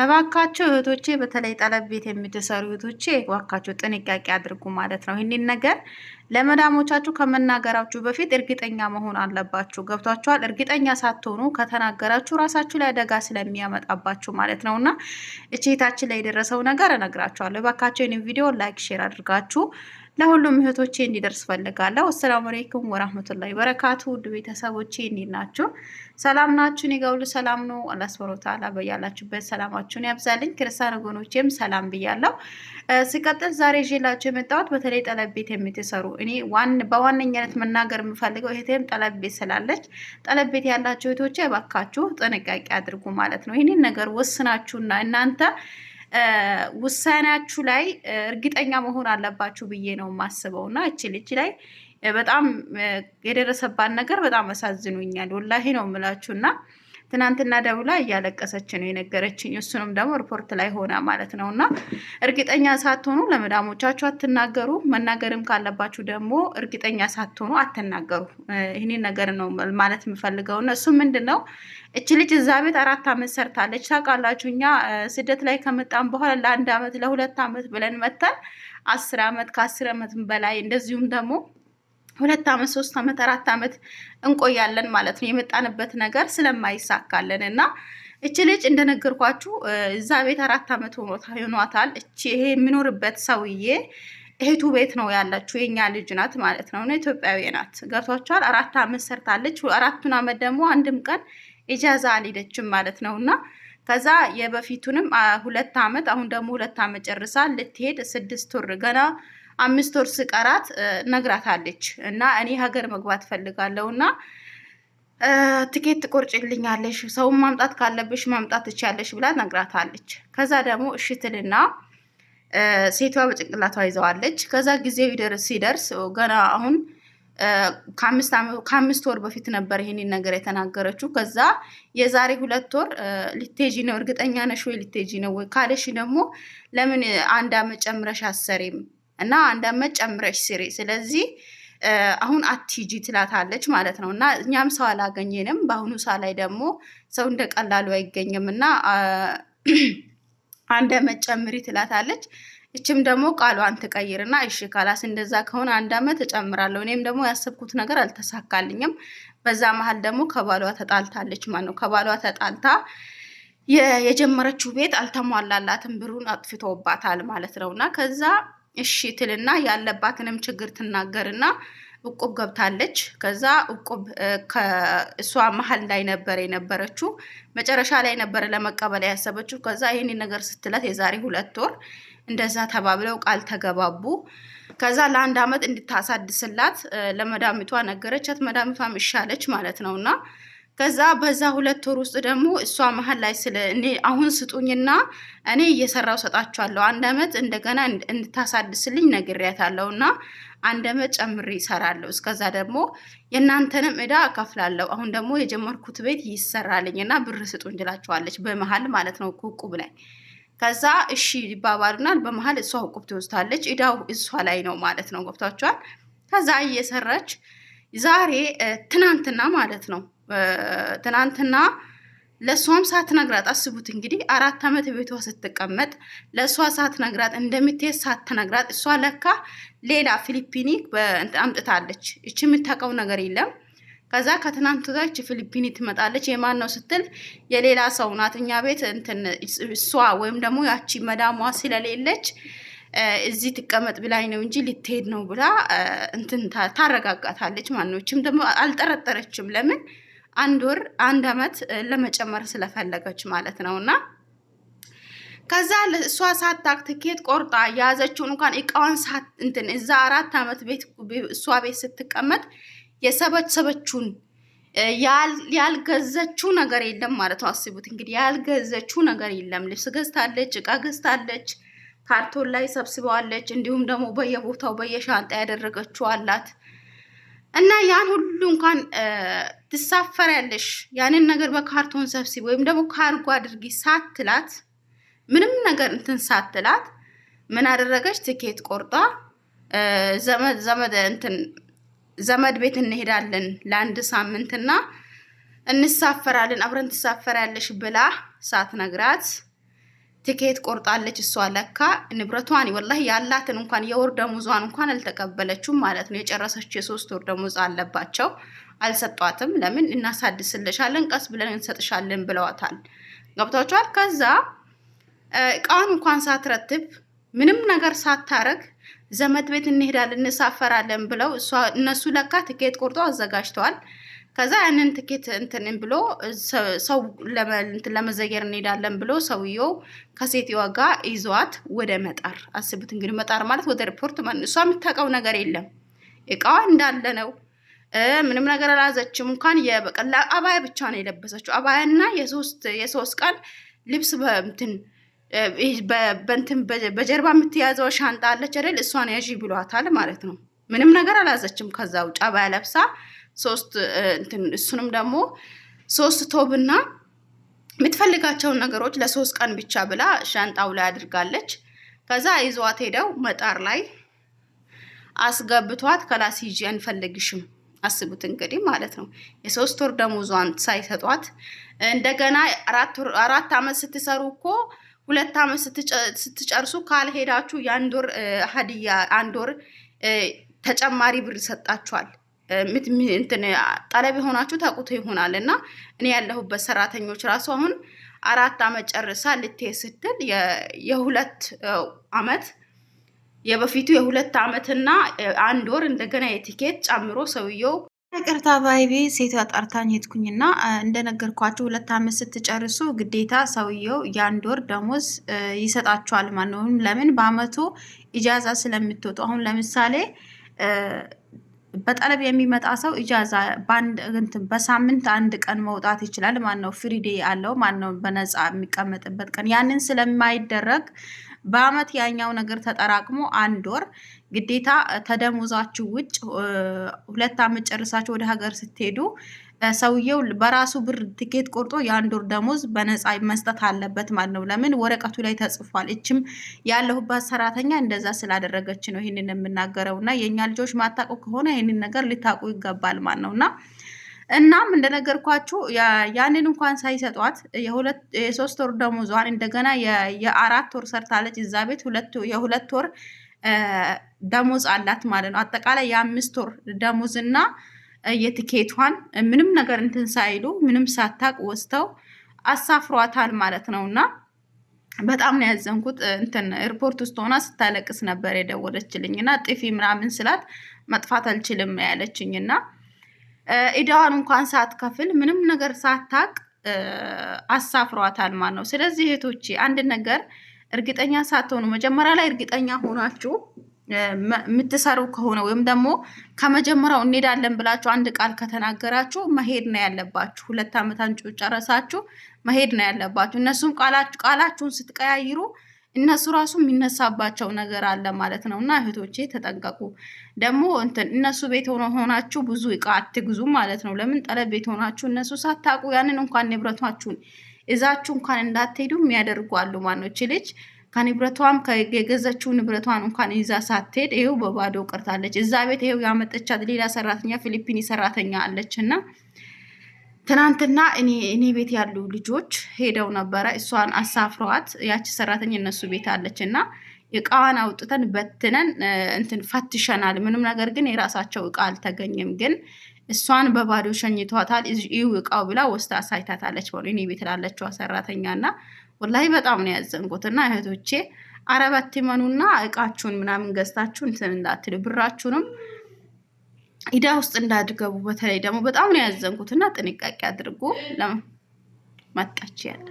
እባካችሁ እህቶቼ በተለይ ጠለብ ቤት የምትሰሩ እህቶቼ እባካችሁ ጥንቃቄ አድርጉ ማለት ነው። ይህንን ነገር ለመዳሞቻችሁ ከመናገራችሁ በፊት እርግጠኛ መሆን አለባችሁ። ገብቷችኋል? እርግጠኛ ሳትሆኑ ከተናገራችሁ ራሳችሁ ላይ አደጋ ስለሚያመጣባችሁ ማለት ነው እና እችታችን ላይ የደረሰው ነገር እነግራችኋለሁ። እባካችሁ ይህን ቪዲዮ ላይክ፣ ሼር አድርጋችሁ ለሁሉም እህቶቼ እንዲደርስ ፈልጋለሁ። አሰላሙ አለይኩም ወራህመቱላሂ በረካቱ። ውድ ቤተሰቦቼ እንዴት ናችሁ? ሰላም ናችሁ? ይገውል ሰላም ነው። አላህ ሱብሐነሁ ወተዓላ በያላችሁበት ሰላማችሁን ያብዛልኝ። ክርስቲያን ወገኖቼም ሰላም ብያለሁ። ሲቀጥል ዛሬ ይዤላችሁ የመጣሁት በተለይ ጠለብ ቤት የምትሰሩ እኔ ዋን በዋነኛነት መናገር የምፈልገው እህቴም ጠለብ ቤት ስላለች ጠለብ ቤት ያላችሁ እህቶቼ እባካችሁ ጥንቃቄ አድርጉ ማለት ነው። ይህንን ነገር ወስናችሁና እናንተ ውሳኔያችሁ ላይ እርግጠኛ መሆን አለባችሁ ብዬ ነው የማስበው። እና እች ልጅ ላይ በጣም የደረሰባት ነገር በጣም አሳዝኖኛል። ወላሂ ነው የምላችሁ እና ትናንትና ደውላ እያለቀሰች ነው የነገረችኝ። እሱንም ደግሞ ሪፖርት ላይ ሆና ማለት ነው። እና እርግጠኛ ሳትሆኑ ለመዳሞቻችሁ አትናገሩ። መናገርም ካለባችሁ ደግሞ እርግጠኛ ሳትሆኑ አትናገሩ። ይህንን ነገር ነው ማለት የምፈልገው። እና እሱ ምንድን ነው እች ልጅ እዛ ቤት አራት አመት ሰርታለች። ታውቃላችሁ እኛ ስደት ላይ ከመጣን በኋላ ለአንድ አመት ለሁለት አመት ብለን መተን አስር አመት ከአስር አመት በላይ እንደዚሁም ደግሞ ሁለት ዓመት ሶስት ዓመት አራት ዓመት እንቆያለን ማለት ነው የመጣንበት ነገር ስለማይሳካለን እና እች ልጅ እንደነገርኳችሁ እዛ ቤት አራት ዓመት ሆኗታል። እቺ ይሄ የሚኖርበት ሰውዬ እህቱ ቤት ነው ያላችሁ። የኛ ልጅ ናት ማለት ነው እና ኢትዮጵያዊ ናት። ገብቷችኋል? አራት ዓመት ሰርታለች። አራቱን ዓመት ደግሞ አንድም ቀን ኢጃዛ አልሄደችም ማለት ነው እና ከዛ የበፊቱንም ሁለት ዓመት አሁን ደግሞ ሁለት ዓመት ጨርሳ ልትሄድ ስድስት ወር ገና አምስት ወር ስቀራት ነግራታለች እና እኔ ሀገር መግባት ፈልጋለሁ እና ትኬት ትቆርጭልኛለሽ፣ ሰውን ማምጣት ካለብሽ ማምጣት ትችያለሽ ብላ ነግራታለች። ከዛ ደግሞ እሽትልና ሴቷ በጭንቅላቷ ይዘዋለች። ከዛ ጊዜው ሲደርስ ገና አሁን ከአምስት ወር በፊት ነበር ይህንን ነገር የተናገረችው። ከዛ የዛሬ ሁለት ወር ሊቴጂ ነው እርግጠኛ ነሽ ወይ ሊቴጂ ነው ወይ ካለሽ ደግሞ ለምን አንድ አመት ጨምረሽ አሰሪም እና አንድ አመት ጨምረሽ ስሪ፣ ስለዚህ አሁን አትሂጂ ትላታለች ማለት ነው። እና እኛም ሰው አላገኘንም። በአሁኑ ሰዓት ላይ ደግሞ ሰው እንደ ቀላሉ አይገኝም እና አንድ ጨምሪ ትላታለች። እችም ደግሞ ቃሏን ትቀይርና እሺ ካላስ እንደዛ ከሆነ አንድ አመት እጨምራለሁ፣ እኔም ደግሞ ያሰብኩት ነገር አልተሳካልኝም። በዛ መሀል ደግሞ ከባሏ ተጣልታለች ማለት ነው። ከባሏ ተጣልታ የጀመረችው ቤት አልተሟላላትም፣ ብሩን አጥፍቶባታል ማለት ነው እና ከዛ እሺ ትልና ያለባትንም ችግር ትናገርና እቁብ ገብታለች። ከዛ እቁብ ከእሷ መሀል ላይ ነበር የነበረችው፣ መጨረሻ ላይ ነበረ ለመቀበል ያሰበችው። ከዛ ይህን ነገር ስትላት የዛሬ ሁለት ወር እንደዛ ተባብለው ቃል ተገባቡ። ከዛ ለአንድ አመት እንድታሳድስላት ለመዳሚቷ ነገረቻት። መዳሚቷም እሻለች ማለት ነው እና ከዛ በዛ ሁለት ወር ውስጥ ደግሞ እሷ መሀል ላይ ስለ እኔ አሁን ስጡኝና እኔ እየሰራው ሰጣችኋለሁ አንድ አመት እንደገና እንድታሳድስልኝ ነግሬያታለሁ እና አንድ አመት ጨምሬ ይሰራለሁ እስከዛ ደግሞ የእናንተንም እዳ እከፍላለሁ አሁን ደግሞ የጀመርኩት ቤት ይሰራልኝ እና ብር ስጡኝ ትላቸዋለች በመሀል ማለት ነው ቁቁብ ላይ ከዛ እሺ ይባባሉናል በመሀል እሷ ቁብ ትወስታለች እዳው እሷ ላይ ነው ማለት ነው ገብቷቸዋል ከዛ እየሰራች ዛሬ ትናንትና ማለት ነው ትናንትና ለእሷም ነግራት አስቡት እንግዲህ አራት ዓመት ቤቷ ስትቀመጥ ለእሷ ሳትነግራት እንደምትሄድ ሳትነግራት እሷ ለካ ሌላ ፊሊፒኒ አምጥታለች። እች የምታውቀው ነገር የለም። ከዛ ከትናንት እች ፊሊፒኒ ትመጣለች። የማን ነው ስትል የሌላ ሰው ናት። እኛ ቤት እንትን እሷ ወይም ደግሞ ያቺ መዳሟ ስለሌለች እዚህ ትቀመጥ ብላኝ ነው እንጂ ልትሄድ ነው ብላ እንትን ታረጋጋታለች። ማነችም ደግሞ አልጠረጠረችም። ለምን አንድ ወር አንድ አመት ለመጨመር ስለፈለገች ማለት ነው እና ከዛ እሷ ሳታቅ ትኬት ቆርጣ የያዘችውን እንኳን እቃዋን እንትን እዛ አራት አመት ቤት እሷ ቤት ስትቀመጥ የሰበሰበችውን ያልገዘችው ነገር የለም ማለት ነው። አስቡት እንግዲህ ያልገዘችው ነገር የለም። ልብስ ገዝታለች፣ እቃ ገዝታለች፣ ካርቶን ላይ ሰብስበዋለች። እንዲሁም ደግሞ በየቦታው በየሻንጣ ያደረገችው አላት። እና ያን ሁሉ እንኳን ትሳፈሪያለሽ ያንን ነገር በካርቶን ሰብሲ ወይም ደግሞ ካርጎ አድርጊ ሳትላት ምንም ነገር እንትን ሳትላት ምን አደረገች? ትኬት ቆርጣ ዘመድ ዘመድ እንትን ዘመድ ቤት እንሄዳለን ለአንድ ሳምንትና እንሳፈራለን አብረን ትሳፈሪያለሽ ብላ ሳትነግራት ትኬት ቆርጣለች። እሷ ለካ ንብረቷን ወላሂ ያላትን እንኳን የወር ደሞዟን እንኳን አልተቀበለችም ማለት ነው። የጨረሰች የሶስት ወር ደሞዝ አለባቸው አልሰጧትም። ለምን እናሳድስልሻለን፣ ቀስ ብለን እንሰጥሻለን ብለዋታል። ገብቷቸዋል። ከዛ እቃውን እንኳን ሳትረትብ ምንም ነገር ሳታረግ ዘመድ ቤት እንሄዳለን እንሳፈራለን ብለው እነሱ ለካ ትኬት ቆርጦ አዘጋጅተዋል። ከዛ ያንን ትኬት እንትንን ብሎ ሰው ለመዘየር እንሄዳለን ብሎ ሰውየው ከሴትዮዋ ጋር ይዘዋት ወደ መጣር አስቡት። እንግዲህ መጣር ማለት ወደ ሪፖርት እሷ የምታውቀው ነገር የለም። እቃዋ እንዳለ ነው። ምንም ነገር አላዘችም። እንኳን የበቀላ አባያ ብቻ ነው የለበሰችው። አባያና የሶስት የሶስት ቀን ልብስ በእንትን በእንትን በጀርባ የምትያዘው ሻንጣ አለች አይደል? እሷን ያዥ ብሏታል ማለት ነው። ምንም ነገር አላዘችም። ከዛ ውጭ አባያ ለብሳ ሶስት እንትን እሱንም ደግሞ ሶስት ቶብና የምትፈልጋቸውን ነገሮች ለሶስት ቀን ብቻ ብላ ሻንጣው ላይ አድርጋለች። ከዛ ይዟት ሄደው መጣር ላይ አስገብቷት ከላስ ይዤ አንፈልግሽም። አስቡት እንግዲህ ማለት ነው። የሶስት ወር ደሞዟን ሳይሰጧት እንደገና አራት አመት ስትሰሩ እኮ ሁለት አመት ስትጨርሱ ካልሄዳችሁ የአንድ ወር ሀዲያ አንድ ወር ተጨማሪ ብር ይሰጣችኋል። ጠለብ የሆናችሁ ታውቁት ይሆናል እና እኔ ያለሁበት ሰራተኞች ራሱ አሁን አራት አመት ጨርሳ ልትሄድ ስትል የሁለት አመት የበፊቱ የሁለት አመትና አንድ ወር እንደገና የቲኬት ጨምሮ ሰውየው ይቅርታ ባይቤ ሴቷ ጠርታኝ ሄድኩኝና እንደነገርኳችሁ ሁለት አመት ስትጨርሱ ግዴታ ሰውየው የአንድ ወር ደሞዝ ይሰጣችኋል ማነውም ለምን በአመቱ ኢጃዛ ስለምትወጡ አሁን ለምሳሌ በጠለብ የሚመጣ ሰው ኢጃዛ በአንድ በሳምንት አንድ ቀን መውጣት ይችላል። ማነው ፍሪዴ አለው ማን በነፃ የሚቀመጥበት ቀን ያንን ስለማይደረግ በአመት ያኛው ነገር ተጠራቅሞ አንድ ወር ግዴታ ተደሞዛችሁ ውጭ ሁለት አመት ጨርሳችሁ ወደ ሀገር ስትሄዱ ሰውየው በራሱ ብር ትኬት ቆርጦ የአንድ ወር ደሞዝ በነፃ መስጠት አለበት ማለት ነው። ለምን ወረቀቱ ላይ ተጽፏል። እችም ያለሁባት ሰራተኛ እንደዛ ስላደረገች ነው ይህንን የምናገረው እና የእኛ ልጆች ማታውቁ ከሆነ ይህንን ነገር ልታቁ ይገባል ማለት ነው እና እናም እንደነገርኳችሁ ያንን እንኳን ሳይሰጧት የሶስት ወር ደሞዟን እንደገና የአራት ወር ሰርታለች እዛ ቤት የሁለት ወር ደሞዝ አላት ማለት ነው። አጠቃላይ የአምስት ወር ደሞዝ እና የትኬቷን ምንም ነገር እንትን ሳይሉ ምንም ሳታቅ ወስተው አሳፍሯታል ማለት ነው እና በጣም ነው ያዘንኩት። እንትን ኤርፖርት ውስጥ ሆና ስታለቅስ ነበር የደወለችልኝ እና ጥፊ ምናምን ስላት መጥፋት አልችልም ያለችኝ እና ኢዳዋን እንኳን ሳትከፍል ምንም ነገር ሳታቅ አሳፍሯታል ማለት ነው። ስለዚህ እህቶቼ አንድ ነገር እርግጠኛ ሳትሆኑ መጀመሪያ ላይ እርግጠኛ ሆናችሁ የምትሰሩ ከሆነ ወይም ደግሞ ከመጀመሪያው እንሄዳለን ብላችሁ አንድ ቃል ከተናገራችሁ መሄድ ነው ያለባችሁ። ሁለት ዓመት አንጩ ጨረሳችሁ መሄድ ነው ያለባችሁ። እነሱም ቃላችሁን ስትቀያይሩ እነሱ ራሱ የሚነሳባቸው ነገር አለ ማለት ነው። እና እህቶቼ ተጠንቀቁ። ደግሞ እንትን እነሱ ቤት ሆናችሁ ብዙ እቃ አትግዙ ማለት ነው። ለምን ጠለብ ቤት ሆናችሁ እነሱ ሳታውቁ ያንን እንኳን ንብረቷችሁን እዛችሁ እንኳን እንዳትሄዱ የሚያደርጓሉ ማኖች ልጅ ከንብረቷም የገዘችው ንብረቷን እንኳን ይዛ ሳትሄድ ይኸው በባዶ ቀርታለች። እዛ ቤት ይኸው ያመጠቻት ሌላ ሰራተኛ ፊሊፒኒ ሰራተኛ አለች እና ትናንትና እኔ ቤት ያሉ ልጆች ሄደው ነበረ። እሷን አሳፍረዋት ያቺ ሰራተኛ እነሱ ቤት አለች እና እቃዋን አውጥተን በትነን እንትን ፈትሸናል። ምንም ነገር ግን የራሳቸው እቃ አልተገኘም። ግን እሷን በባዶ ሸኝቷታል። ይህ እቃው ብላ ወስዳ አሳይታታለች። ሆ እኔ ቤት ላለችዋ ሰራተኛ እና ወላሂ በጣም ነው ያዘንኩት። እና እህቶቼ አረበት መኑና እቃችሁን ምናምን ገዝታችሁ እንትን እንዳትሉ ብራችሁንም ኢዳ ውስጥ እንዳትገቡ። በተለይ ደግሞ በጣም ነው ያዘንኩት እና ጥንቃቄ አድርጎ ለመጣች ያለ